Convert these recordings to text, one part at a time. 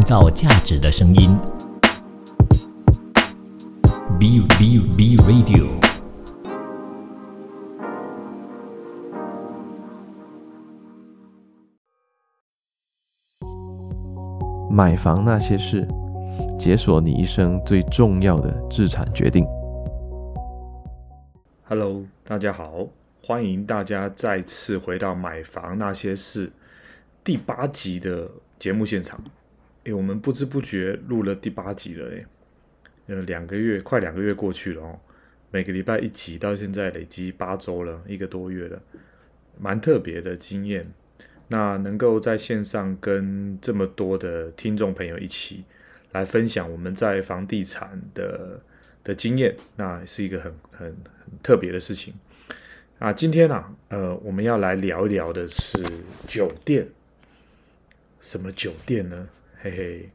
創造價值的聲音。B B B Radio。買房那些事，解鎖你一生最重要的資產決定。Hello，大家好，歡迎大家再次回到《買房那些事》第八集的節目現場。哎，我們不知不覺錄了第八集了，哎，嗯，兩個月快兩個月過去了哦，每個禮拜一集，到現在累積八週了，一個多月了，蠻特別的經驗。那能夠在線上跟這麼多的聽眾朋友一起來分享我們在房地產的的經驗，那是一個很很很特別的事情。啊，今天呢，啊，呃，我們要來聊一聊的是酒店，什麼酒店呢？嘿嘿，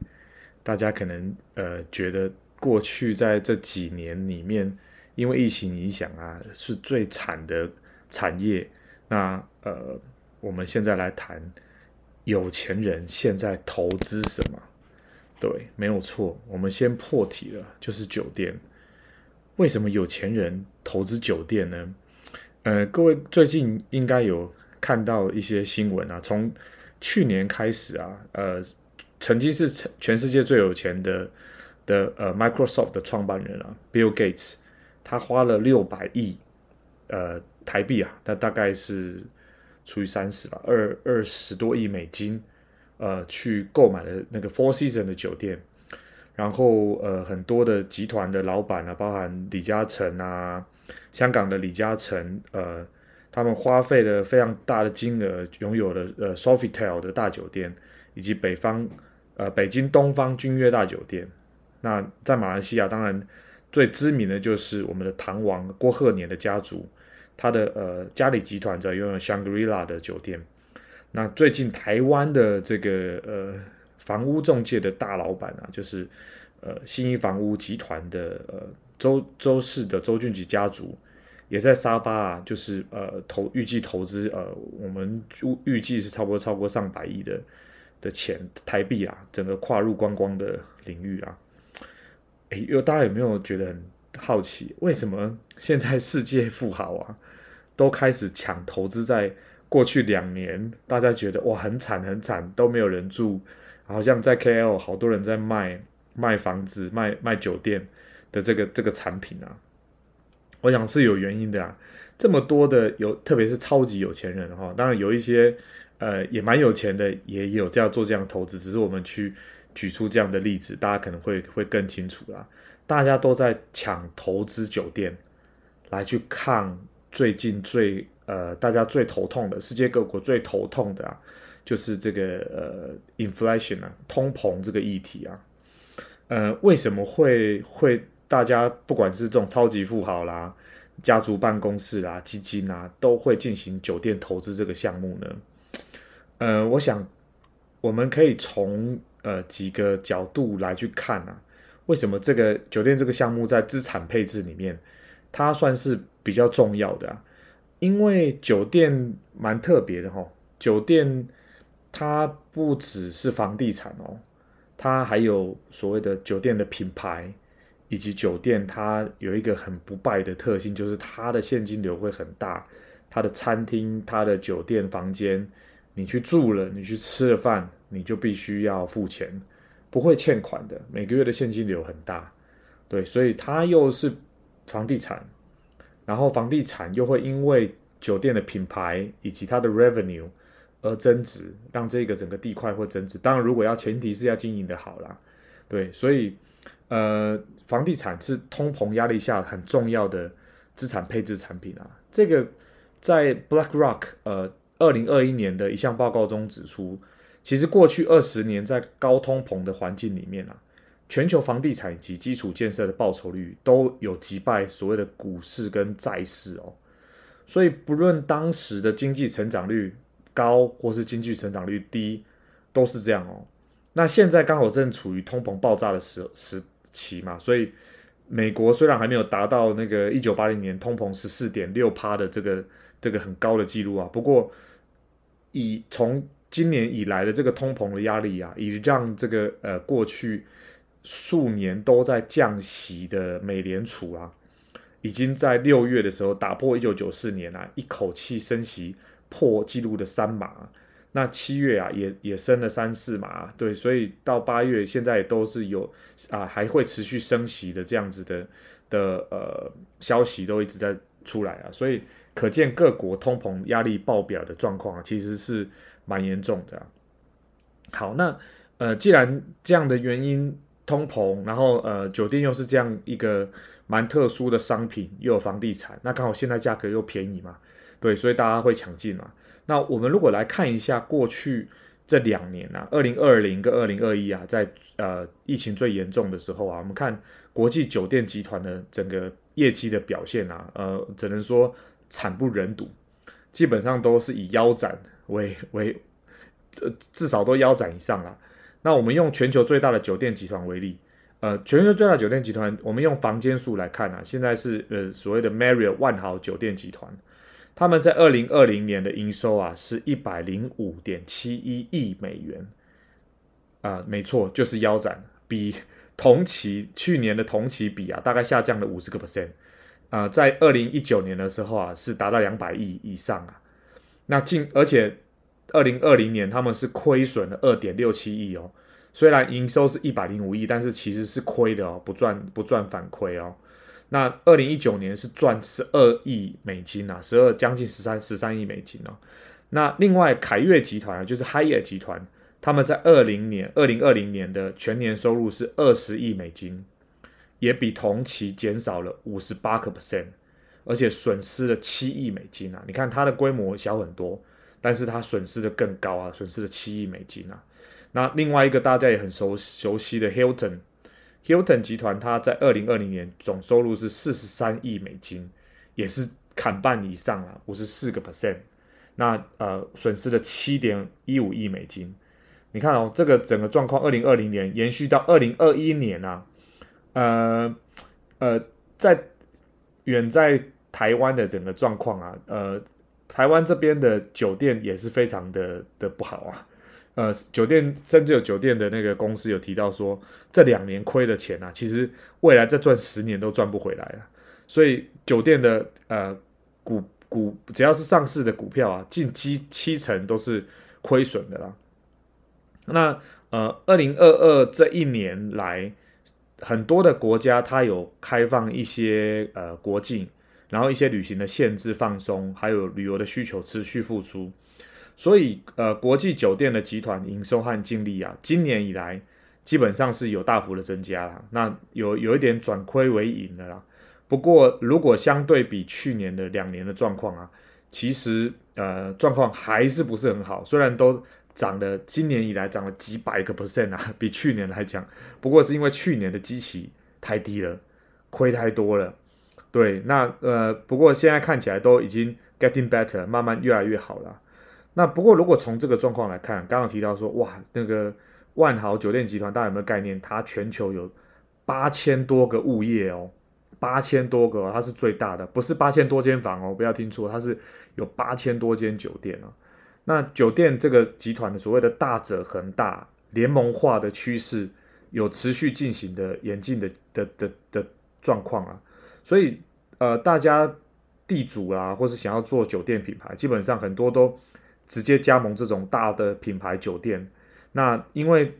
大家可能呃覺得過去在這幾年裡面，因為疫情影響啊，是最慘的產業。那呃，我們現在來談有錢人現在投資什麼？對，沒有錯，我們先破題了，就是酒店。為什麼有錢人投資酒店呢？呃，各位最近應該有看到一些新聞啊，從去年開始啊，呃。曾經是全世界最有錢的的呃 Microsoft 的創辦人啊，Bill Gates，他花了六百億呃台幣啊，那大概是除以三十吧，二二十多億美金，呃，去購買了那個 Four Seasons 的酒店，然後呃很多的集團的老闆啊，包含李嘉誠啊，香港的李嘉誠，呃，他們花費了非常大的金額，擁有了呃 Sofitel 的大酒店，以及北方。呃，北京東方君悅大酒店。那在馬來西亞，當然最知名的就是我們的糖王郭鶴年的家族，他的呃嘉里集團在擁有香格里拉的酒店。那最近台灣的這個呃房屋中介的大老板啊，就是呃信義房屋集團的呃周周氏的周俊吉家族，也在沙巴啊，就是呃投預計投資呃，我們預計是差不多超過上百億的。的錢台幣啊，整個跨入觀光的領域啊，哎，有大家有沒有覺得很好奇？為什麼現在世界富豪啊，都開始搶投資在過去兩年？大家覺得哇，很慘很慘，都沒有人住，好像在 KL 好多人在賣賣房子、賣賣酒店的這個這個產品啊。我想是有原因的啊，這麼多的有，特別是超級有錢人的話，當然有一些。呃，也蠻有錢的，也有這樣做這樣的投資，只是我們去舉出這樣的例子，大家可能會會更清楚啦。大家都在搶投資酒店，來去看最近最呃大家最頭痛的世界各國最頭痛的、啊，就是這個呃 inflation 啊通膨這個議題啊。呃，為什麼會會大家不管是這種超級富豪啦、家族辦公室啦、啊、基金啊，都會進行酒店投資這個項目呢？呃，我想我們可以從呃幾個角度來去看啊，為什麼這個酒店這個項目在資產配置裡面它算是比較重要的啊？因為酒店蠻特別的哈、哦，酒店它不只是房地產哦，它還有所謂的酒店的品牌，以及酒店它有一個很不敗的特性，就是它的現金流會很大，它的餐廳、它的酒店房間。你去住了，你去吃了飯，你就必須要付錢，不會欠款的。每個月的現金流很大，對，所以它又是房地產，然後房地產又會因為酒店的品牌以及它的 revenue 而增值，讓這個整個地塊會增值。當然，如果要前提是要經營得好啦，對，所以呃，房地產是通膨壓力下很重要的資產配置產品啊。這個在 BlackRock，呃。二零二一年的一項報告中指出，其實過去二十年在高通膨的環境裡面啊，全球房地產及基礎建設的報酬率都有擊敗所謂的股市跟債市哦。所以不論當時的經濟成長率高或是經濟成長率低，都是這樣哦。那現在剛好正處於通膨爆炸的時時期嘛，所以美國雖然還沒有達到那個一九八零年通膨十四點六趴的這個。這個很高的記錄啊，不過，以從今年以來的這個通膨的壓力啊，也讓這個呃過去數年都在降息的美聯儲啊，已經在六月的時候打破一九九四年啊一口氣升息破紀錄的三碼，那七月啊也也升了三四碼，對，所以到八月現在也都是有啊還會持續升息的這樣子的的呃消息都一直在出來啊，所以。可見各國通膨壓力爆表的狀況啊，其實是蠻嚴重的啊。好，那呃，既然這樣的原因通膨，然後呃，酒店又是這樣一個蠻特殊的商品，又有房地產，那剛好現在價格又便宜嘛，對，所以大家會搶進嘛。那我們如果來看一下過去這兩年啊，二零二零跟二零二一啊，在呃疫情最嚴重的時候啊，我們看國際酒店集團的整個業績的表現啊，呃，只能說。慘不忍睹，基本上都是以腰斬為為，呃，至少都腰斬以上了。那我們用全球最大的酒店集團為例，呃，全球最大的酒店集團，我們用房間數來看啊，現在是呃，所謂的 Marriott 萬豪酒店集團。他們在二零二零年的營收啊是一百零五點七一億美元，啊、呃，沒錯，就是腰斬，比同期去年的同期比啊，大概下降了五十個 percent。啊、呃，在二零一九年的時候啊，是達到兩百億以上啊。那近而且，二零二零年他們是虧損了二點六七億哦。雖然營收是一百零五億，但是其實是虧的哦，不賺不賺反虧哦。那二零一九年是賺十二億美金啊，十二將近十三十三億美金哦。那另外凱悅集團、啊、就是 Hyatt 集團，他們在二零年二零二零年的全年收入是二十億美金。也比同期減少了五十八個 percent，而且損失了七億美金啊！你看它的規模小很多，但是它損失的更高啊，損失了七億美金啊。那另外一個大家也很熟熟悉的 Hilton，Hilton 集團，它在二零二零年總收入是四十三億美金，也是砍半以上啊，五十四個 percent。那呃，損失了七點一五億美金。你看哦，這個整個狀況，二零二零年延續到二零二一年啊。呃，呃，在遠在台灣的整個狀況啊，呃，台灣這邊的酒店也是非常的的不好啊，呃，酒店甚至有酒店的那個公司有提到說，這兩年虧的錢啊，其實未來再賺十年都賺不回來了啊，所以酒店的呃股股只要是上市的股票啊，近七七成都是虧損的啦。那呃，二零二二這一年來，很多的國家，它有開放一些呃國境，然後一些旅行的限制放鬆，還有旅遊的需求持續復甦。所以呃國際酒店的集團營收和淨利啊，今年以來基本上是有大幅的增加啦。那有有一點轉虧為盈的啦。不過如果相對比去年的兩年的狀況啊，其實呃狀況還是不是很好，雖然都。漲了，今年以來漲了幾百個 percent 啊，比去年來講。不過是因為去年的基期太低了，虧太多了。對，那呃，不過現在看起來都已經 getting better，慢慢越來越好了、啊。那不過如果從這個狀況來看，剛剛提到說，哇，那個萬豪酒店集團，大家有沒有概念？它全球有八千多個物業哦，八千多個、哦，它是最大的，不是八千多間房哦，不要聽錯，它是有八千多間酒店哦。那酒店這個集團的所謂的大者恆大，聯盟化的趨勢有持續進行的、演進的的的的狀況啊，所以呃，大家地主啊，或是想要做酒店品牌，基本上很多都直接加盟這種大的品牌酒店。那因為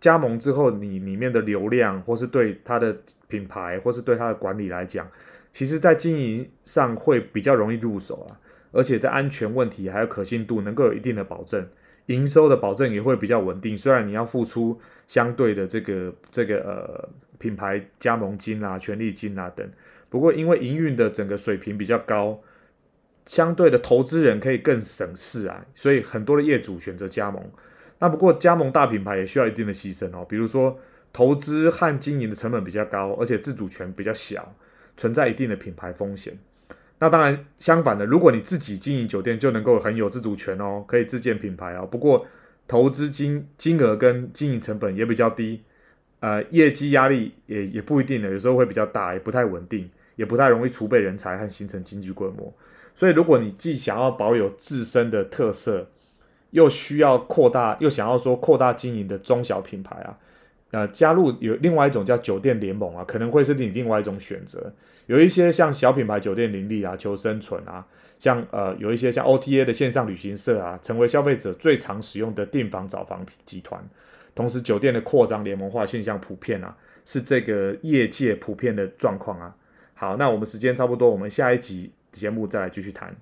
加盟之後，你裡面的流量，或是對它的品牌，或是對它的管理來講，其實在經營上會比較容易入手啊。而且在安全問題還有可信度能夠有一定的保證，營收的保證也會比較穩定。雖然你要付出相對的這個這個呃品牌加盟金啊、權利金啊等，不過因為營運的整個水平比較高，相對的投資人可以更省事啊，所以很多的業主選擇加盟。那不過加盟大品牌也需要一定的犧牲哦，比如說投資和經營的成本比較高，而且自主權比較小，存在一定的品牌風險。那當然，相反的，如果你自己經營酒店，就能夠很有自主權哦，可以自建品牌哦。不過投資金，投資金金額跟經營成本也比較低，呃，業績壓力也也不一定的，有時候會比較大，也不太穩定，也不太容易儲備人才和形成經濟規模。所以，如果你既想要保有自身的特色，又需要擴大，又想要說擴大經營的中小品牌啊，呃，加入有另外一種叫酒店聯盟啊，可能會是你另外一種選擇。有一些像小品牌酒店林立啊，求生存啊，像呃有一些像 OTA 的線上旅行社啊，成為消費者最常使用的訂房找房集團。同時，酒店的擴張聯盟化現象普遍啊，是這個業界普遍的狀況啊。好，那我們時間差不多，我們下一集節目再來繼續談。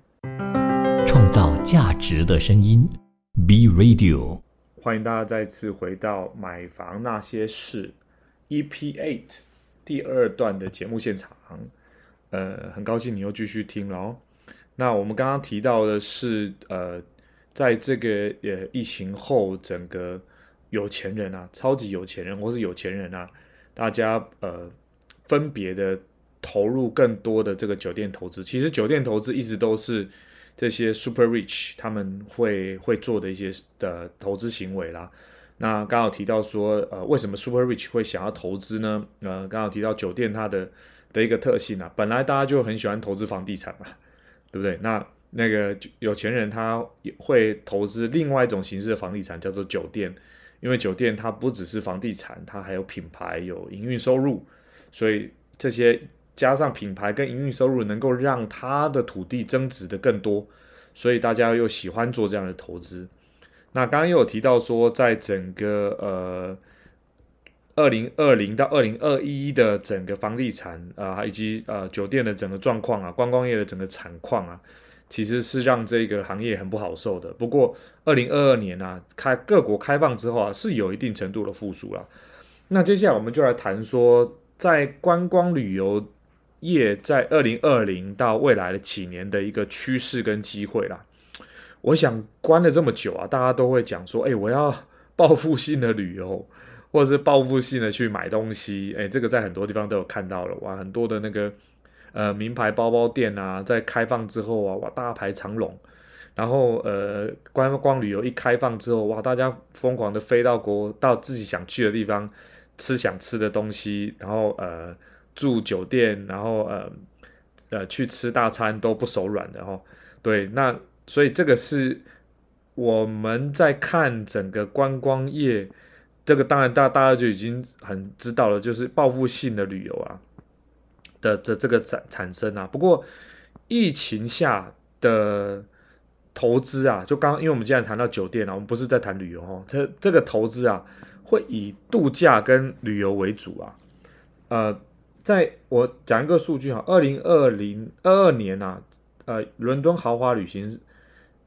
創造價值的聲音，B Radio，歡迎大家再次回到買房那些事 EP8 第二段的節目現場。呃，很高興你又繼續聽了哦。那我們剛剛提到的是，呃，在這個呃疫情後，整個有錢人啊，超級有錢人或是有錢人啊，大家呃分別的投入更多的這個酒店投資。其實酒店投資一直都是這些 super rich 他們會會做的一些的投資行為啦。那剛好提到說，呃，為什麼 super rich 會想要投資呢？呃，剛好提到酒店它的。的一個特性啊，本來大家就很喜歡投資房地產嘛，對不對？那那個有錢人他也會投資另外一種形式的房地產，叫做酒店，因為酒店它不只是房地產，它還有品牌、有營運收入，所以這些加上品牌跟營運收入能夠讓他的土地增值得更多，所以大家又喜歡做這樣的投資。那剛剛又有提到說，在整個呃。二零二零到二零二一的整個房地產啊、呃，以及呃酒店的整個狀況啊，觀光業的整個產況啊，其實是讓這個行業很不好受的。不過二零二二年呢、啊，開各國開放之後啊，是有一定程度的復甦了。那接下來我們就來談說，在觀光旅遊業在二零二零到未來的幾年的一個趨勢跟機會啦。我想關了這麼久啊，大家都會講說，哎，我要報復性的旅遊。或者是報復性的去買東西，誒，這個在很多地方都有看到了，哇，很多的那個呃名牌包包店啊，在開放之後啊，哇，大排長龍，然後呃觀光旅遊一開放之後，哇，大家瘋狂的飛到國，到自己想去的地方，吃想吃的東西，然後呃住酒店，然後呃呃去吃大餐都不手軟的哦，對，那所以這個是我們在看整個觀光業。這個當然，大大家就已經很知道了，就是報復性的旅遊啊的、的這這個產產生啊。不過疫情下的投資啊，就剛，剛因為我們既然談到酒店啊，我們不是在談旅遊哦，它這個投資啊，會以度假跟旅遊為主啊。呃，在我講一個數據哈，二零二零二二年啊，呃，倫敦豪華旅行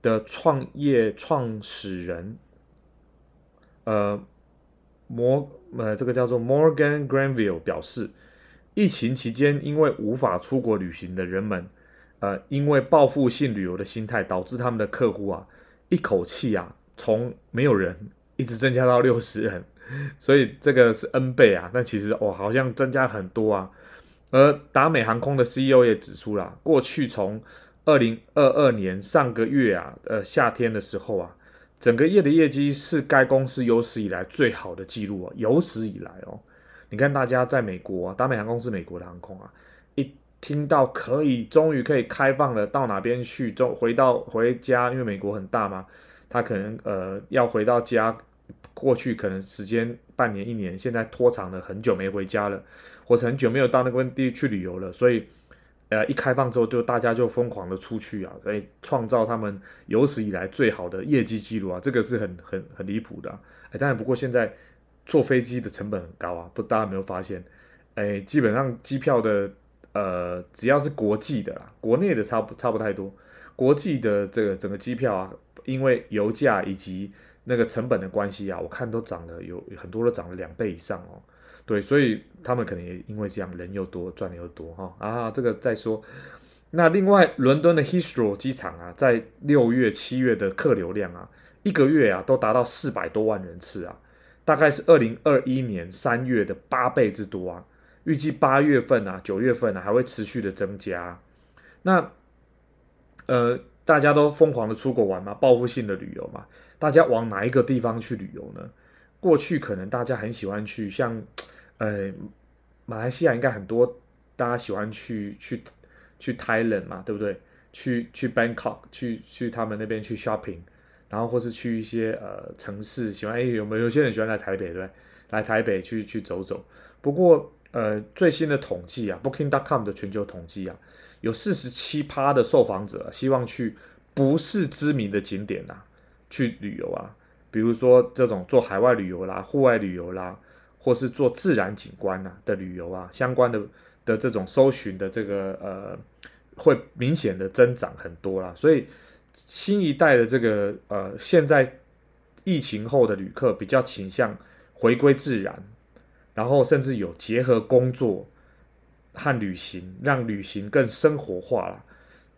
的創業創始人，呃。摩呃，這個叫做 Morgan Granville 表示，疫情期間因為無法出國旅行的人們，呃，因為報復性旅遊的心態，導致他們的客戶啊，一口氣啊，從沒有人一直增加到六十人，所以這個是 N 倍啊。但其實哦好像增加很多啊。而達美航空的 CEO 也指出啦，過去從二零二二年上個月啊，呃，夏天的時候啊。整個業的業績是該公司有史以來最好的記錄啊，有史以來哦，你看大家在美國啊，達美航空是美國的航空啊，一聽到可以，終於可以開放了，到哪邊去？終回到回家，因為美國很大嘛，他可能呃要回到家，過去可能時間半年一年，現在拖長了很久沒回家了，或者很久沒有到那個地方去旅遊了，所以。呃，一開放之後就，就大家就瘋狂的出去啊，所以創造他們有史以來最好的業績記錄啊，這個是很很很離譜的，啊。哎，欸，當然不過現在坐飛機的成本很高啊，不大家沒有發現？欸，基本上機票的呃，只要是國際的啦，啊，國內的差不差不太多，國際的這個整個機票啊，因為油價以及。那個成本的關係啊，我看都漲了有，有很多都漲了兩倍以上哦。對，所以他們可能也因為這樣，人又多，賺的又多哈、哦。啊，這個再說。那另外，倫敦的 Heathrow 機場啊，在六月、七月的客流量啊，一個月啊都達到四百多萬人次啊，大概是二零二一年三月的八倍之多啊。預計八月份啊、九月份啊還會持續的增加。那呃，大家都瘋狂的出國玩嘛，報復性的旅遊嘛。大家往哪一個地方去旅遊呢？過去可能大家很喜歡去像，呃，馬來西亞應該很多大家喜歡去去去 Thailand 嘛，對不對？去去 Bangkok，去去他們那邊去 shopping，然後或是去一些呃城市，喜歡哎，有沒有些人喜歡來台北，對不對？來台北去去走走。不過呃，最新的統計啊，Booking.com 的全球統計啊，有四十七趴的受訪者希望去不是知名的景點吶、啊。去旅遊啊，比如說這種做海外旅遊啦、戶外旅遊啦，或是做自然景觀啊的旅遊啊，相關的的這種搜尋的這個呃，會明顯的增長很多啦。所以新一代的這個呃，現在疫情後的旅客比較傾向回歸自然，然後甚至有結合工作和旅行，讓旅行更生活化了。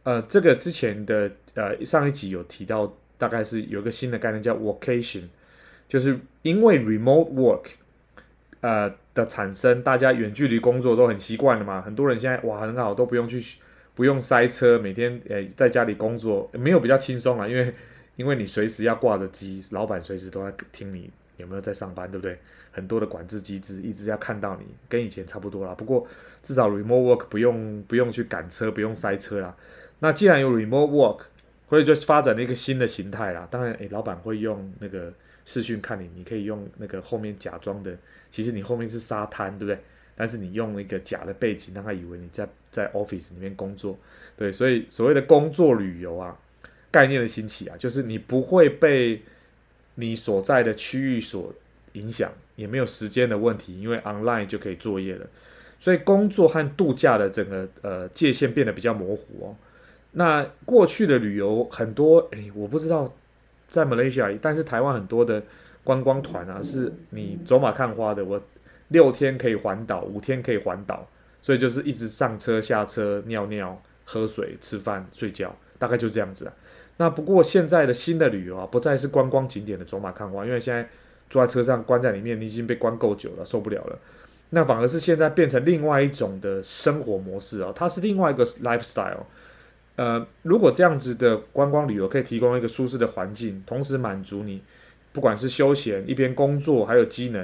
呃，這個之前的呃上一集有提到。大概是有一個新的概念叫 vocation，就是因為 remote work 呃的產生，大家遠距離工作都很習慣了嘛。很多人現在哇，很好，都不用去，不用塞車，每天呃在家裡工作，呃、沒有比較輕鬆啦，因為因為你隨時要掛着機，老板隨時都在聽你有沒有在上班，對不對？很多的管制機制一直要看到你，跟以前差不多啦。不過至少 remote work 不用不用去趕車，不用塞車啦。那既然有 remote work，所以就發展了一個新的形態啦。當然，誒，老板會用那個視訊看你，你可以用那個後面假裝的，其實你後面是沙灘，對不對？但是你用那個假的背景，讓他以為你在在 office 裡面工作。對，所以所謂的工作旅遊啊，概念的興起啊，就是你不會被你所在的區域所影響，也沒有時間的問題，因為 online 就可以作業了。所以工作和度假的整個呃界限變得比較模糊哦。那過去的旅遊很多，哎，我不知道在馬來西亞，但是台灣很多的觀光團啊，是你走馬看花的。我六天可以環島，五天可以環島，所以就是一直上車、下車、尿尿、喝水、吃飯、睡覺，大概就這樣子啊。那不過現在的新的旅遊啊，不再是觀光景點的走馬看花，因為現在坐在車上關在裡面，你已經被關夠久了，受不了了。那反而是現在變成另外一種的生活模式啊，它是另外一個 lifestyle。呃，如果這樣子的觀光旅遊可以提供一個舒適的環境，同時滿足你不管是休閒、一邊工作還有機能，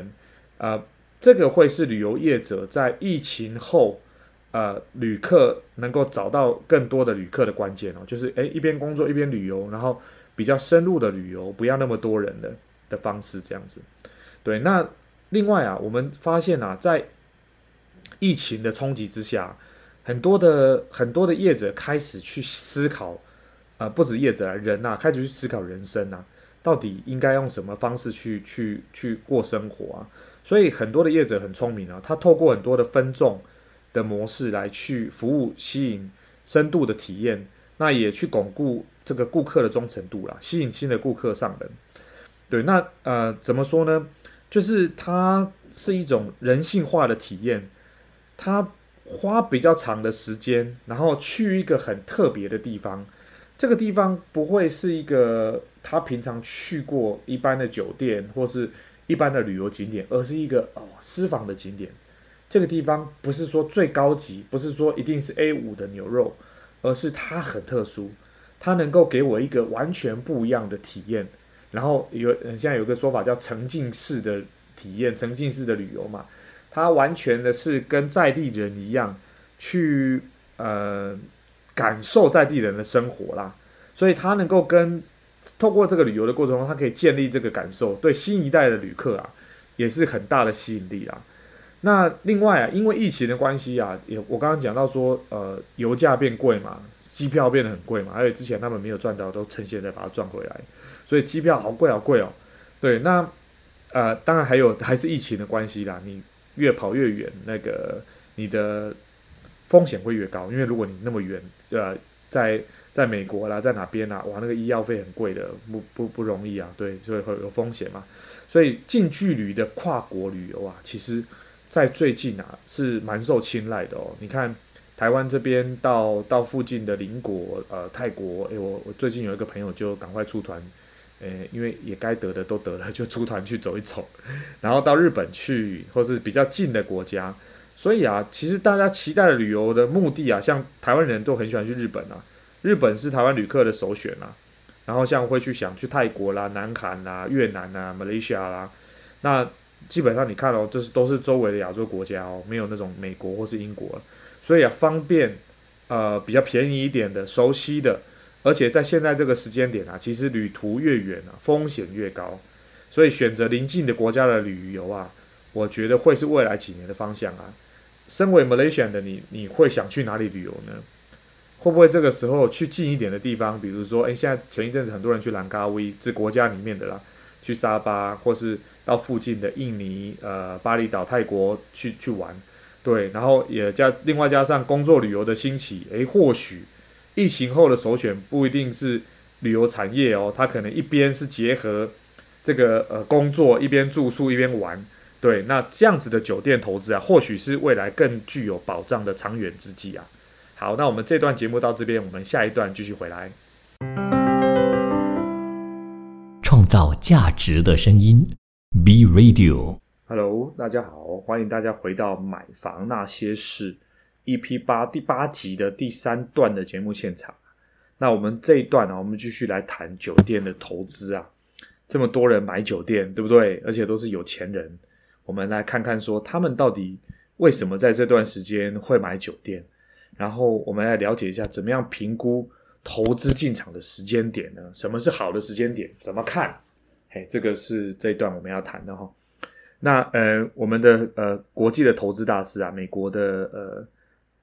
啊、呃，這個會是旅遊業者在疫情後，呃，旅客能夠找到更多的旅客的關鍵哦，就是誒、欸，一邊工作一邊旅遊，然後比較深入的旅遊，不要那麼多人的的方式這樣子。對，那另外啊，我們發現啊，在疫情的衝擊之下。很多的很多的業者開始去思考，啊、呃，不止業者人吶、啊，開始去思考人生吶、啊，到底應該用什麼方式去去去過生活啊？所以很多的業者很聰明啊，他透過很多的分眾的模式來去服務、吸引深度的體驗，那也去鞏固這個顧客的忠誠度啦，吸引新的顧客上門。對，那呃，怎麼說呢？就是它是一種人性化的體驗，它。花比較長的時間，然後去一個很特別的地方，這個地方不會是一個他平常去過一般的酒店或是一般的旅遊景點，而是一個哦私房的景點。這個地方不是說最高級，不是說一定是 A 五的牛肉，而是它很特殊，它能夠給我一個完全不一樣的體驗。然後有現在有個說法叫沉浸式的體驗，沉浸式的旅遊嘛。他完全的是跟在地人一樣，去呃感受在地人的生活啦，所以他能夠跟透過這個旅遊的過程中，他可以建立這個感受，對新一代的旅客啊，也是很大的吸引力啦。那另外，啊，因為疫情的關係啊，也我剛剛講到說，呃，油價變貴嘛，機票變得很貴嘛，而且之前他們沒有賺到，都趁現在把它賺回來，所以機票好貴好貴哦。對，那呃，當然還有還是疫情的關係啦，你。越跑越遠，那個你的風險會越高，因為如果你那麼遠，呃，在在美國啦，在哪邊啊，哇，那個醫藥費很貴的，不不不容易啊，對，所以會有風險嘛。所以近距離的跨國旅遊啊，其實，在最近啊是蠻受青睞的哦。你看台灣這邊到到附近的鄰國，呃，泰國，欸，我我最近有一個朋友就趕快出團。呃，因為也該得的都得了，就出團去走一走，然後到日本去，或是比較近的國家。所以啊，其實大家期待的旅遊的目的啊，像台灣人都很喜歡去日本啊，日本是台灣旅客的首選啊。然後像會去想去泰國啦、南韓啦、越南吶、馬來西亞啦。那基本上你看哦，這，就是都是周圍的亞洲國家哦，沒有那種美國或是英國。所以啊，方便呃比較便宜一點的，熟悉的。而且在現在這個時間點啊，其實旅途越遠啊，風險越高，所以選擇臨近的國家的旅遊啊，我覺得會是未來幾年的方向啊。身為 Malaysian 的你，你會想去哪裡旅遊呢？會不會這個時候去近一點的地方，比如說，哎，現在前一陣子很多人去蘭卡威這國家裡面的啦，去沙巴或是到附近的印尼，呃，巴厘島、泰國去去玩，對，然後也加另外加上工作旅遊的興起，哎，或許。疫情後的首選不一定是旅遊產業哦，它可能一邊是結合這個呃工作，一邊住宿，一邊玩。對，那這樣子的酒店投資啊，或許是未來更具有保障的長遠之計啊。好，那我們這段節目到這邊，我們下一段繼續回來。創造價值的聲音，B Radio。Hello，大家好，歡迎大家回到《買房那些事》。EP8 第八集的第三段的節目現場，那我們這一段呢、啊，我們繼續來談酒店的投資啊，這麼多人買酒店，對不對？而且都是有錢人，我們來看看說他們到底為什麼在這段時間會買酒店，然後我們來了解一下怎麼樣評估投資進場的時間點呢？什麼是好的時間點？怎麼看？嘿，這個是這一段我們要談的哈、哦。那呃，我們的呃國際的投資大師啊，美國的呃。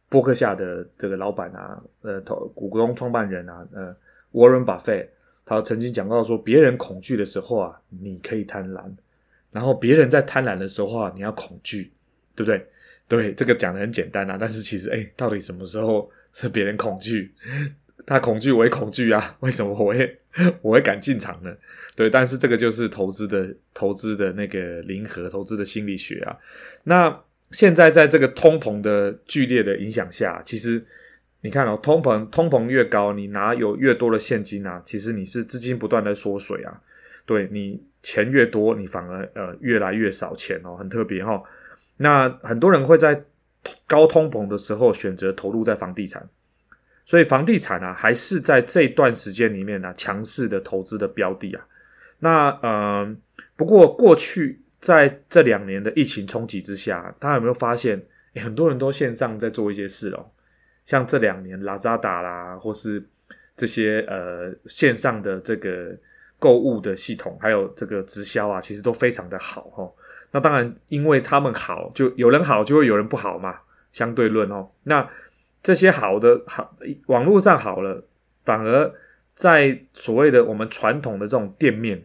波克夏的這個老板啊，呃，投股東、創辦人啊，呃，沃倫·巴菲特他曾經講到說，別人恐懼的時候啊，你可以貪婪；然後別人在貪婪的時候啊，你要恐懼，對不對？對，這個講得很簡單啊，但是其實，哎，到底什麼時候是別人恐懼？他恐懼，我也恐懼啊。為什麼我會我會敢進場呢？對，但是這個就是投資的投資的那個零和投資的心理學啊。那。現在在這個通膨的劇烈的影響下，其實你看哦，通膨，通膨越高，你哪有越多的現金啊？其實你是資金不斷的縮水啊。對，你錢越多，你反而呃越來越少錢哦，很特別哈、哦。那很多人會在高通膨的時候選擇投入在房地產，所以房地產啊，還是在這段時間裡面呢、啊、強勢的投資的標的啊。那嗯、呃、不過過去。在這兩年的疫情衝擊之下，大家有沒有發現，欸，很多人都線上在做一些事哦？像這兩年 Lazada 啦，或是這些呃線上的這個購物的系統，還有這個直銷啊，其實都非常的好哦。那當然，因為他們好，就有人好，就會有人不好嘛。相對論哦，那這些好的好網絡上好了，反而在所謂的我們傳統的這種店面。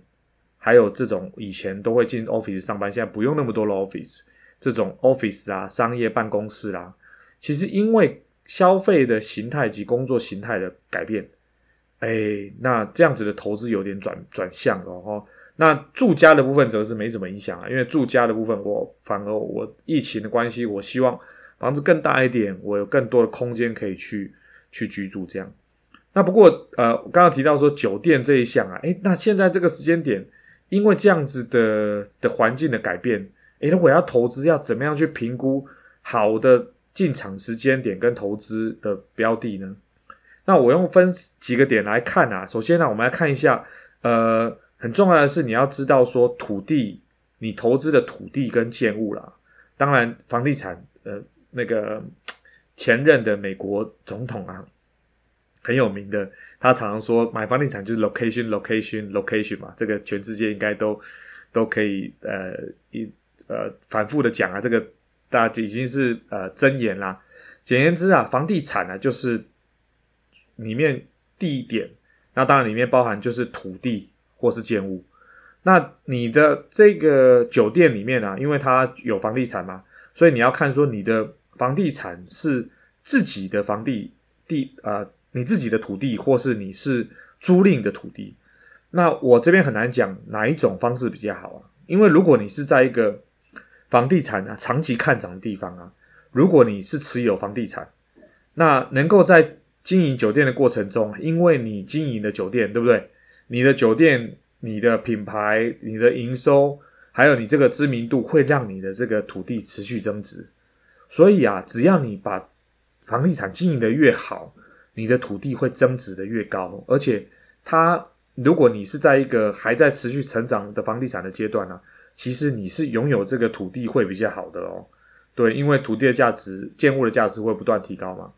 還有這種以前都會進 office 上班，現在不用那麼多了 office 這種 office 啊，商業辦公室啦，啊，其實因為消費的形態及工作形態的改變，哎，那這樣子的投資有點轉轉向了哦，那住家的部分則是沒什麼影響啊，因為住家的部分我反而我疫情的關係，我希望房子更大一點，我有更多的空間可以去去居住這樣。那不過呃，剛剛提到說酒店這一項啊，哎，那現在這個時間點。因為這樣子的的環境的改變，誒，如果要投資，要怎麼樣去評估好的進場時間點跟投資的標的呢？那我用分幾個點來看啊。首先呢，我們來看一下，呃，很重要的是你要知道說土地，你投資的土地跟建物啦，當然房地產，呃，那個前任的美國總統啊。很有名的，他常常說買房地產就是 location，location，location location, location 嘛。這個全世界應該都都可以呃一呃反覆的講啊，這個大家已經是呃箴言啦。簡言之啊，房地產呢、啊、就是裡面地點，那當然裡面包含就是土地或是建物。那你的這個酒店裡面啊，因為它有房地產嘛，所以你要看說你的房地產是自己的房地地呃。你自己的土地，或是你是租賃的土地，那我這邊很難講哪一種方式比較好啊。因為如果你是在一個房地產啊長期看漲的地方啊，如果你是持有房地產，那能夠在經營酒店的過程中，因為你經營的酒店對不對？你的酒店，你的品牌，你的營收，還有你這個知名度，會讓你的這個土地持續增值。所以啊，只要你把房地產經營的越好，你的土地會增值的越高，而且它，如果你是在一個還在持續成長的房地產的階段呢，啊，其實你是擁有這個土地會比較好的哦。對，因為土地的價值、建物的價值會不斷提高嘛。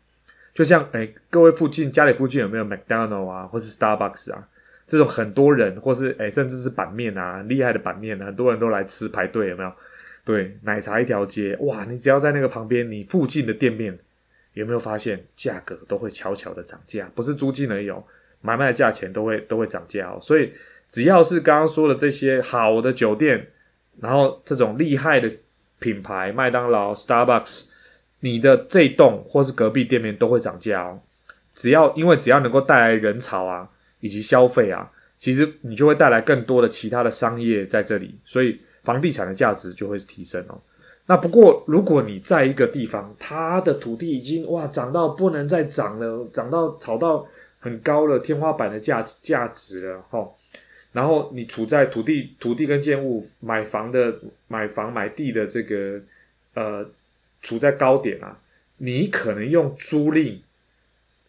就像，誒，各位附近家裡附近有沒有 McDonald 啊，或是 Starbucks 啊，這種很多人或是誒甚至是板麵啊，厲害的板麵啊，很多人都來吃排隊有沒有？對，奶茶一條街，哇，你只要在那個旁邊，你附近的店面。有沒有發現價格都會悄悄的漲價？不是租金而已哦，買賣的價錢都會都會漲價哦。所以只要是剛剛說的這些好的酒店，然後這種厲害的品牌，麥當勞、Starbucks，你的這棟或是隔壁店面都會漲價哦。只要因為只要能夠帶來人潮啊，以及消費啊，其實你就會帶來更多的其他的商業在這裡，所以房地產的價值就會提升哦。那不過，如果你在一個地方，他的土地已經哇漲到不能再漲了，漲到炒到很高了，天花板的價價值了哈，然後你處在土地、土地跟建物買房的買房買地的這個呃處在高點啊，你可能用租賃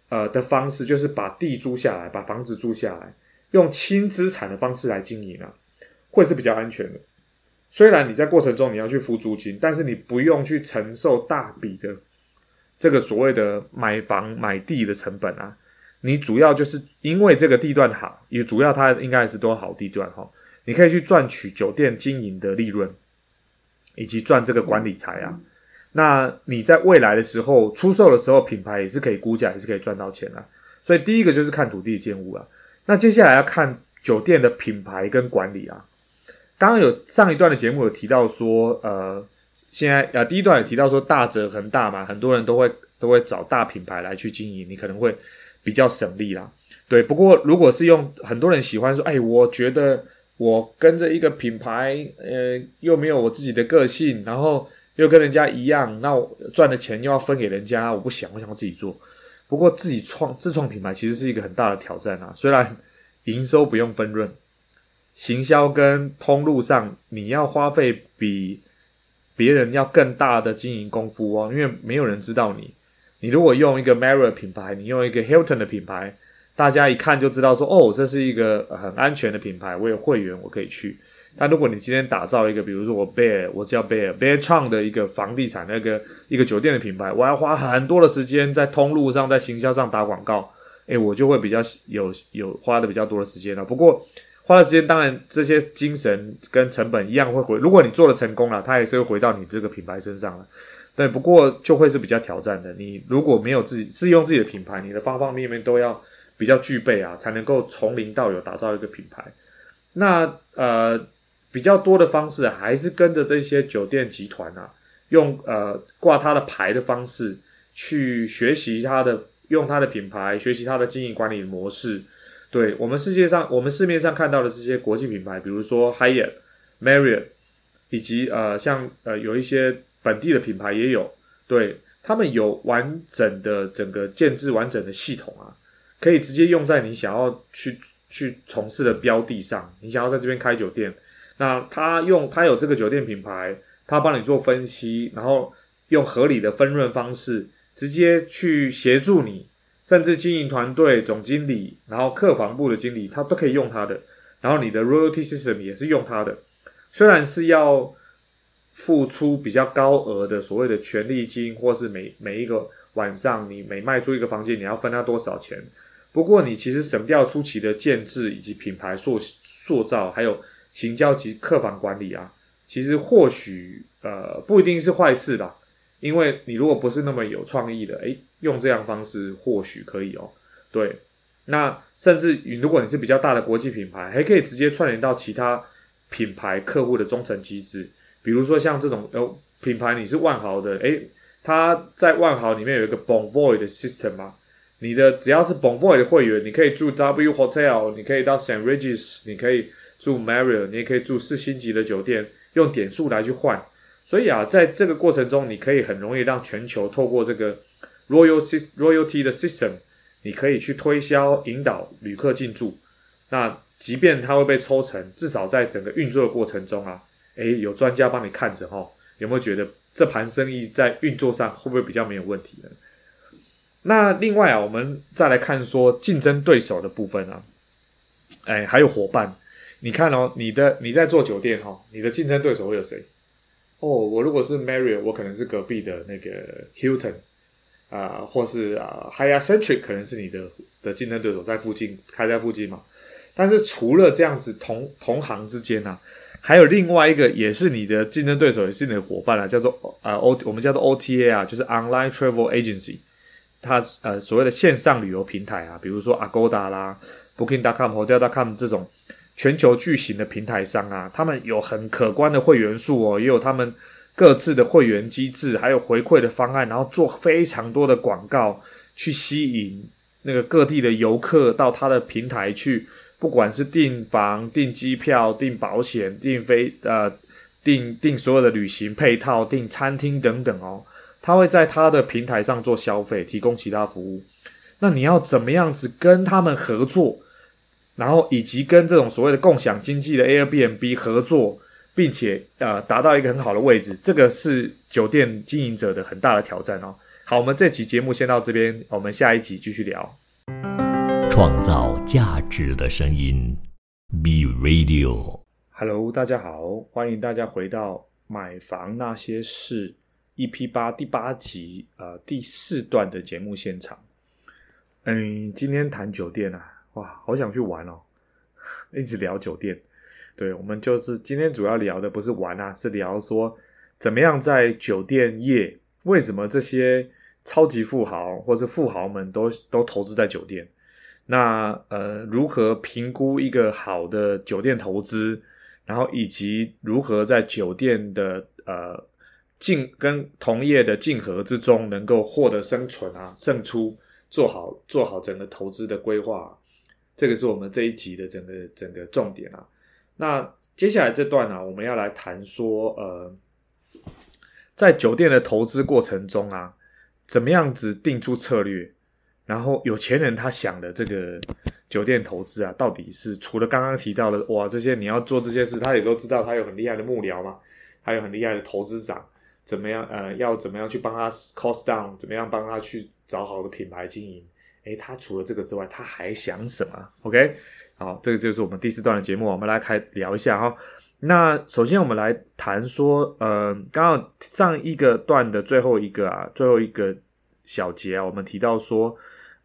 呃的方式，就是把地租下來，把房子租下來，用輕資產的方式來經營啊，會是比較安全的。雖然你在過程中你要去付租金，但是你不用去承受大筆的這個所謂的買房買地的成本啊。你主要就是因為這個地段好，也主要它應該是多好地段哈。你可以去賺取酒店經營的利潤，以及賺這個管理財啊。那你在未來的時候出售的時候，品牌也是可以估價，也是可以賺到錢啊。所以第一個就是看土地建物啊。那接下來要看酒店的品牌跟管理啊。剛剛有上一段的節目有提到說，呃，現在啊、呃，第一段有提到說大者恆大嘛，很多人都會都會找大品牌來去經營，你可能會比較省力啦。對，不過如果是用很多人喜歡說，哎，我覺得我跟着一個品牌，呃，又沒有我自己的個性，然後又跟人家一樣，那我賺的錢又要分給人家，我不想，我想要自己做。不過自己創自創品牌其實是一個很大的挑戰啊，雖然營收不用分潤。行銷跟通路上，你要花費比別人要更大的經營功夫哦，因為沒有人知道你。你如果用一個 Marriott 品牌，你用一個 Hilton 的品牌，大家一看就知道說，哦，這是一個很安全的品牌，我有會員，我可以去。但如果你今天打造一個，比如說我 Bear，我叫 Bear，Bear 創的一個房地產，那個一個酒店的品牌，我要花很多的時間在通路上，在行銷上打廣告，誒，我就會比較有有花的比較多的時間了。不過。花了時間，當然這些精神跟成本一樣會回。如果你做的成功了，它也是會回到你這個品牌身上了。對，不過就會是比較挑戰的。你如果沒有自己是用自己的品牌，你的方方面面都要比較具備啊，才能夠從零到有打造一個品牌。那呃，比較多的方式還是跟着這些酒店集團啊，用呃掛他的牌的方式去學習他的，用他的品牌學習他的經營管理模式。對，我們世界上，我們市面上看到的這些國際品牌，比如說 Hyatt、Marriott，以及呃，像呃，有一些本地的品牌也有，對，他們有完整的整個建置、完整的系統啊，可以直接用在你想要去去從事的標的上。你想要在這邊開酒店，那他用他有這個酒店品牌，他幫你做分析，然後用合理的分潤方式，直接去協助你。甚至經營團隊總經理，然後客房部的經理，他都可以用他的。然後你的 royalty system 也是用他的。雖然是要付出比較高額的所謂的權利金，或是每每一個晚上你每賣出一個房間，你要分他多少錢。不過你其實省掉初期的建置以及品牌塑塑造，還有行銷及客房管理啊，其實或許呃不一定是壞事啦。因為你如果不是那麼有創意的，哎、欸，用這樣方式或許可以哦、喔。對，那甚至如果你是比較大的國際品牌，還可以直接串聯到其他品牌客戶的忠誠機制。比如說像這種呃品牌，你是萬豪的，哎、欸，他在萬豪裡面有一個 Bonvoy 的 system 嘛、啊，你的只要是 Bonvoy 的會員，你可以住 W Hotel，你可以到 St. Regis，你可以住 Marriott，你也可以住四星級的酒店，用點數來去換。所以啊，在這個過程中，你可以很容易讓全球透過這個 royal royalty 的 system，你可以去推銷、引導旅客進駐。那即便它會被抽成，至少在整個運作的過程中啊，誒，有專家幫你看着哈、哦，有沒有覺得這盤生意在運作上會不會比較沒有問題呢？那另外啊，我們再來看說競爭對手的部分啊，哎，還有夥伴，你看哦，你的你在做酒店哈、哦，你的競爭對手會有誰？哦、oh,，我如果是 Marriott，我可能是隔壁的那個 Hilton，啊、呃，或是啊、呃、Hyatt Centric，可能是你的的競爭對手在附近開在附近嘛。但是除了這樣子同同行之間啊，還有另外一個也是你的競爭對手，也是你的伙伴啊，叫做啊、呃、o 我們叫做 OTA 啊，就是 Online Travel Agency，它呃所謂的線上旅遊平台啊，比如說 Agoda 啦，Booking. dot com 或者 Hotels. com 這種。全球巨型的平台上啊，他們有很可觀的會員數哦，也有他們各自的會員機制，還有回饋的方案，然後做非常多的廣告去吸引那個各地的遊客到他的平台去，不管是訂房、訂機票、訂保險、訂飛呃、訂訂所有的旅行配套、訂餐廳等等哦，他會在他的平台上做消費，提供其他服務。那你要怎麼樣子跟他們合作？然後，以及跟這種所謂的共享經濟的 Airbnb 合作，並且呃達到一個很好的位置，這個是酒店經營者的很大的挑戰哦。好，我們這期節目先到這邊，我們下一集繼續聊。創造價值的聲音，Be Radio。Hello，大家好，歡迎大家回到《買房那些事》EP 八第八集呃第四段的節目現場。嗯，今天談酒店啊。哇，好想去玩哦！一直聊酒店，對，我們就是今天主要聊的不是玩啊，是聊說怎麼樣在酒店業，為什麼這些超級富豪或是富豪們都都投資在酒店？那呃，如何評估一個好的酒店投資？然後以及如何在酒店的呃競跟同業的競合之中能夠獲得生存啊、勝出？做好做好整個投資的規劃。這個是我們這一集的整個整個重點啊。那接下來這段呢、啊，我們要來談說，呃，在酒店的投資過程中啊，怎麼樣子定出策略？然後有錢人他想的這個酒店投資啊，到底是除了剛剛提到的哇，這些你要做這些事，他也都知道，他有很厲害的幕僚嘛，還有很厲害的投資長，怎麼樣？呃，要怎麼樣去幫他 cost down？怎麼樣幫他去找好的品牌經營？誒，他除了這個之外，他還想什麼？OK，好，這個就是我們第四段的節目，我們來開聊一下哈。那首先我們來談說，呃，剛剛上一個段的最後一個啊，最後一個小節啊，我們提到說，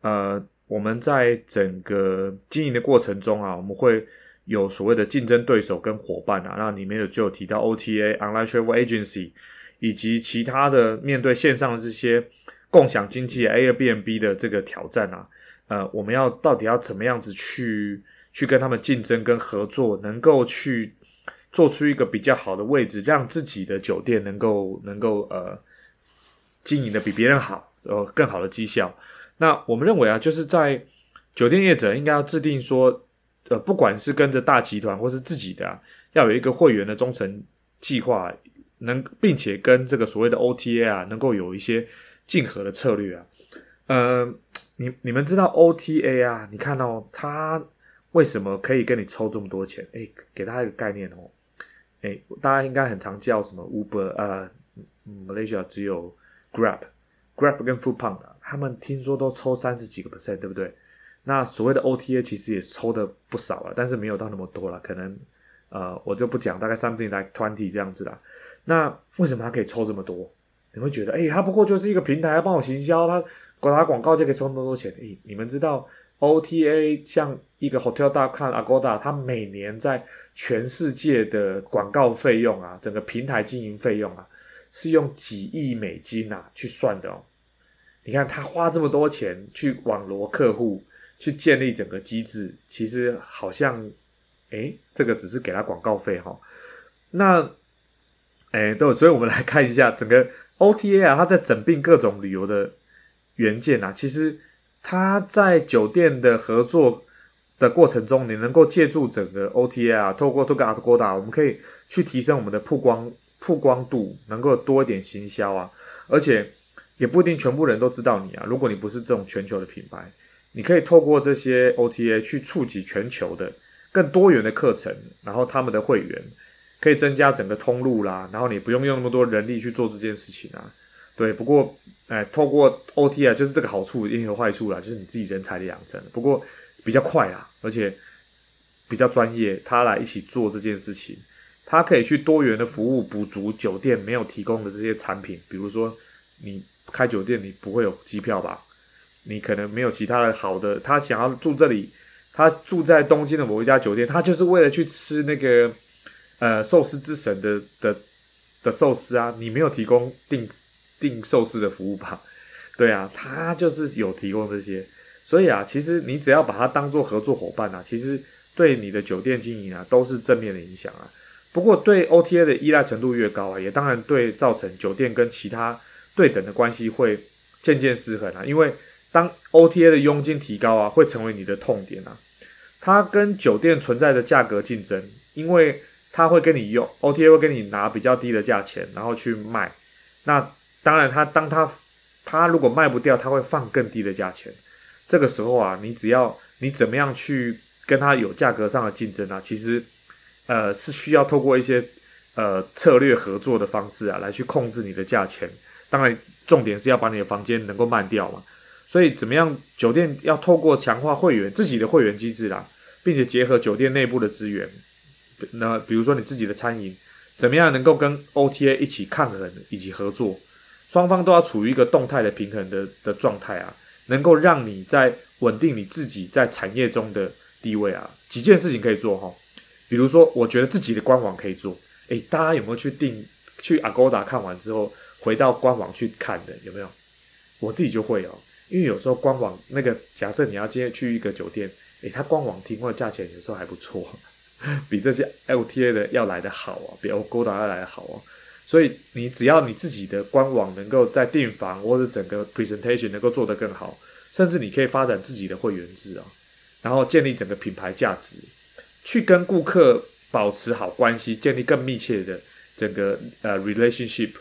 呃，我們在整個經營的過程中啊，我們會有所謂的競爭對手跟夥伴啊，那裡面有就有提到 OTA、Online Travel Agency 以及其他的面對線上的這些。共享經濟 Airbnb 的這個挑戰啊，呃，我們要到底要怎麼樣子去去跟他們競爭跟合作，能夠去做出一個比較好的位置，讓自己的酒店能夠能夠呃經營的比別人好，呃，更好的績效。那我們認為啊，就是在酒店業者應該要制定說，呃，不管是跟着大集團或是自己的啊，要有一個會員的忠誠計劃，能並且跟這個所謂的 OTA 啊，能夠有一些。競合的策略啊，呃，你你們知道 OTA 啊？你看哦，他為什麼可以跟你抽這麼多錢？誒、欸，給大家一個概念哦。誒、欸，大家應該很常叫什麼 Uber 啊、呃、，Malaysia 只有 Grab，Grab Grab 跟 Foodpanda 啊他們聽說都抽三十幾個 percent，對不對？那所謂的 OTA 其實也抽的不少了，但是沒有到那麼多了，可能呃，我就不講，大概 something like twenty 這樣子啦。那為什麼它可以抽這麼多？你會覺得，哎、欸，他不過就是一個平台，他幫我行銷，他打廣告就可以收那麼多錢。誒、欸，你們知道，OTA 像一個 Hotel 大咖 Agoda，他每年在全世界的廣告費用啊，整個平台經營費用啊，是用幾億美金吶、啊、去算的哦。你看他花這麼多錢去網羅客戶，去建立整個機制，其實好像，哎、欸，這個只是給他廣告費哈、哦。那。哎、欸，對，所以我們來看一下整個 OTA 啊，它在整併各種旅遊的元件啊，其實他在酒店的合作的過程中，你能夠借助整個 OTA 啊，透過多個廣大，我們可以去提升我們的曝光曝光度，能夠多一點行銷啊。而且也不一定全部人都知道你啊。如果你不是這種全球的品牌，你可以透過這些 OTA 去觸及全球的更多元的課程，然後他們的會員。可以增加整個通路啦，然後你不用用那麼多人力去做這件事情啊，對。不過，哎、欸，透過 OTA 啊，就是這個好處也有壞處啦，就是你自己人才的養成。不過比較快啊，而且比較專業，他來一起做這件事情，他可以去多元的服務補足酒店沒有提供的這些產品。比如說，你開酒店你不會有機票吧？你可能沒有其他的好的。他想要住這裡，他住在東京的某一家酒店，他就是為了去吃那個。呃，壽司之神的的的壽司啊，你沒有提供訂訂壽司的服務吧？對啊，他就是有提供這些，所以啊，其實你只要把它當做合作夥伴啊，其實對你的酒店經營啊都是正面的影響啊。不過對 OTA 的依賴程度越高啊，也當然對造成酒店跟其他對等的關係會漸漸失衡啊。因為當 OTA 的佣金提高啊，會成為你的痛點啊。它跟酒店存在的價格競爭，因為。他會跟你用 OTA 會跟你拿比較低的價錢，然後去賣。那當然他，他當他他如果賣不掉，他會放更低的價錢。這個時候啊，你只要你怎麼樣去跟他有價格上的競爭啊，其實呃是需要透過一些呃策略合作的方式啊來去控制你的價錢。當然，重點是要把你的房間能夠賣掉嘛。所以怎麼樣，酒店要透過強化會員自己的會員機制啦，並且結合酒店內部的資源。那比如說你自己的餐飲，怎麼樣能夠跟 OTA 一起抗衡，一起合作？雙方都要處於一個動態的平衡的的狀態啊，能夠讓你在穩定你自己在產業中的地位啊。幾件事情可以做哈、哦，比如說我覺得自己的官網可以做。哎，大家有沒有去訂去 Agoda 看完之後，回到官網去看的有沒有？我自己就會哦，因為有時候官網那個假設你要接去一個酒店，哎，它官網提供的價錢有時候還不錯。比這些 LTA 的要來得好啊，比 o 勾達要來得好啊，所以你只要你自己的官網能夠在訂房或是整個 presentation 能夠做得更好，甚至你可以發展自己的會員制啊，然後建立整個品牌價值，去跟顧客保持好關係，建立更密切的整個呃 relationship，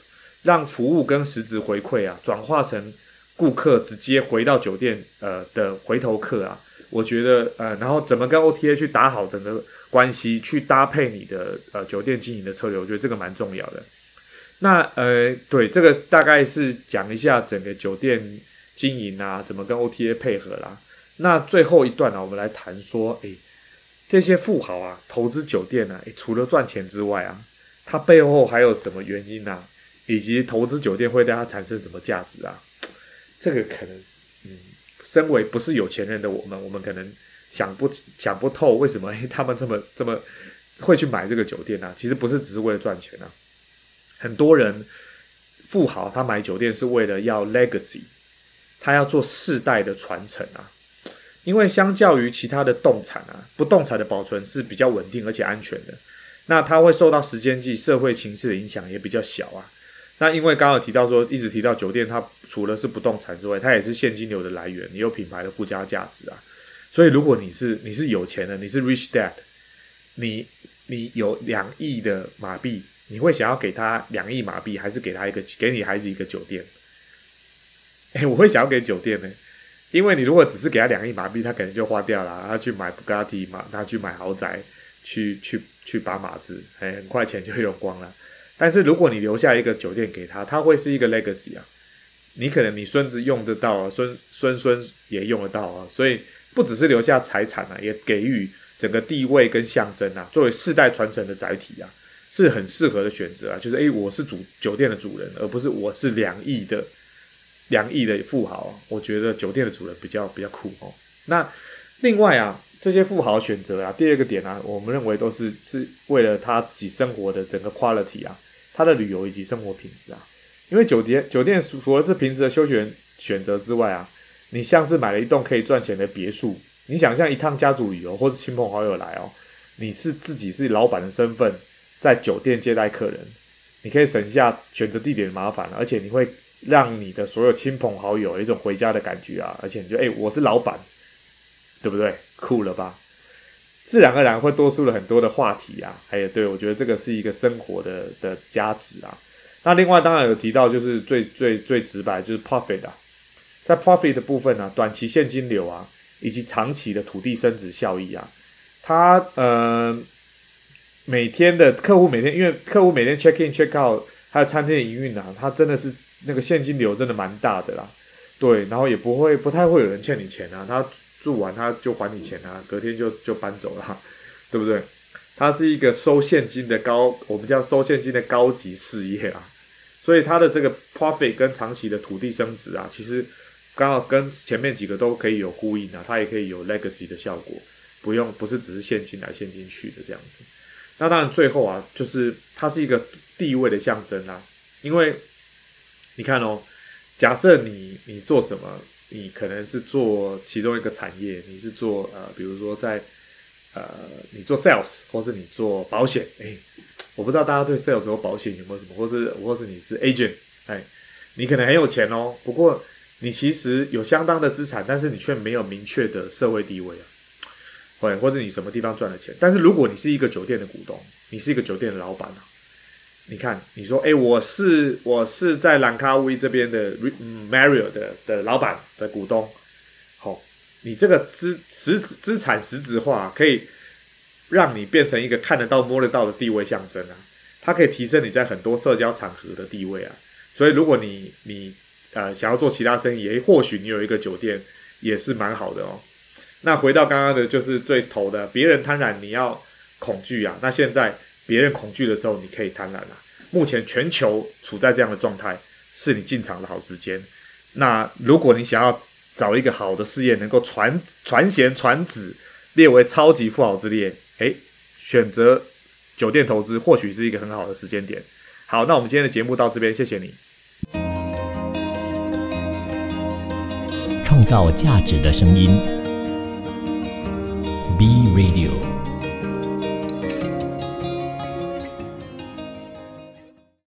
讓服務跟實質回饋啊，轉化成顧客直接回到酒店呃的回頭客啊。我覺得，呃，然後怎麼跟 OTA 去打好整個關係，去搭配你的呃酒店經營的策略，我覺得這個蠻重要的。那呃，對，這個大概是講一下整個酒店經營啊，怎麼跟 OTA 配合啦。那最後一段啊，我們來談說，誒，這些富豪啊，投資酒店啊，除了賺錢之外啊，他背後還有什麼原因啊，以及投資酒店會對他產生什麼價值啊？這個可能，嗯。身為不是有錢人的我們，我們可能想不、想不透為什麼他們這麼、這麼會去買這個酒店呢、啊？其實不是只是為了賺錢啊。很多人富豪他買酒店是為了要 legacy，他要做世代的傳承啊。因為相較於其他的動產啊，不動產的保存是比較穩定而且安全的。那它會受到時間及社會情勢的影響也比較小啊。那因為剛剛有提到說，一直提到酒店，它除了是不動產之外，它也是現金流的來源，也有品牌的附加價值啊。所以如果你是你是有錢的，你是 rich dad，你你有兩億的馬幣，你會想要給他兩億馬幣，還是給他一個給你孩子一個酒店？哎、欸，我會想要給酒店的、欸，因為你如果只是給他兩億馬幣，他可能就花掉了，啊，他去買 Bugatti 嘛，他去買豪宅，去去去拔馬子，哎、欸，很快錢就用光了。但是如果你留下一個酒店給他，他會是一個 legacy 啊，你可能你孫子用得到啊，孫孫孫也用得到啊，所以不只是留下財產啊，也給予整個地位跟象徵啊，作為世代傳承的載體啊，是很適合的選擇啊。就是誒，欸，我是主酒店的主人，而不是我是兩億的兩億的富豪啊。我覺得酒店的主人比較比較酷哦。那另外啊，這些富豪選擇啊，第二個點啊，我們認為都是是為了他自己生活的整個 quality 啊。他的旅遊以及生活品質啊，因為酒店酒店除了是平時的休閒選擇之外啊，你像是買了一棟可以賺錢的別墅，你想象一趟家族旅遊或是親朋好友來哦，你是自己是老闆的身份，在酒店接待客人，你可以省下選擇地點的麻煩，而且你會讓你的所有親朋好友有一種回家的感覺啊，而且你覺得哎，我是老闆，對不對？酷了吧？自然而然會多出了很多的話題啊，還、哎、有對，我覺得這個是一個生活的的價值啊。那另外當然有提到，就是最最最直白就是 profit 啊，在 profit 的部分呢、啊，短期現金流啊，以及長期的土地升值效益啊，它嗯、呃、每天的客戶每天因為客戶每天 check in check out 還有餐廳營運啊，它真的是那個現金流真的蠻大的啦。對，然後也不會不太會有人欠你錢啊，他住完他就還你錢啊，隔天就就搬走了啊，對不對？它是一個收現金的高，我們叫收現金的高級事業啊，所以它的這個 profit 跟長期的土地升值啊，其實剛好跟前面幾個都可以有呼應啊，它也可以有 legacy 的效果，不用不是只是現金來現金去的這樣子。那當然最後啊，就是它是一個地位的象徵啊，因為你看哦。假設你你做什麼？你可能是做其中一個產業，你是做呃，比如說在呃，你做 sales，或是你做保險。誒、欸、我不知道大家對 sales 和保險有沒有什麼，或是或是你是 agent，哎、欸，你可能很有錢哦。不過你其實有相當的資產，但是你卻沒有明確的社會地位啊。哎，或是你什麼地方賺了錢？但是如果你是一個酒店的股東，你是一個酒店的老板啊。你看，你說，哎，我是我是在蘭卡威這邊的 Marriott 的的老闆的股東，好，哦，你這個資實資產，資產實質化，可以讓你變成一個看得到摸得到的地位象徵啊，它可以提升你在很多社交場合的地位啊，所以如果你你呃想要做其他生意，哎，或許你有一個酒店也是蠻好的哦。那回到剛剛的，就是最頭的，別人貪婪你要恐懼啊，那現在。別人恐懼的時候，你可以貪婪了。目前全球處在這樣的狀態，是你進場的好時間。那如果你想要找一個好的事業，能夠傳傳賢傳子，列為超級富豪之列，哎，選擇酒店投資或許是一個很好的時間點。好，那我們今天的節目到這邊，謝謝你。創造價值的聲音，B Radio。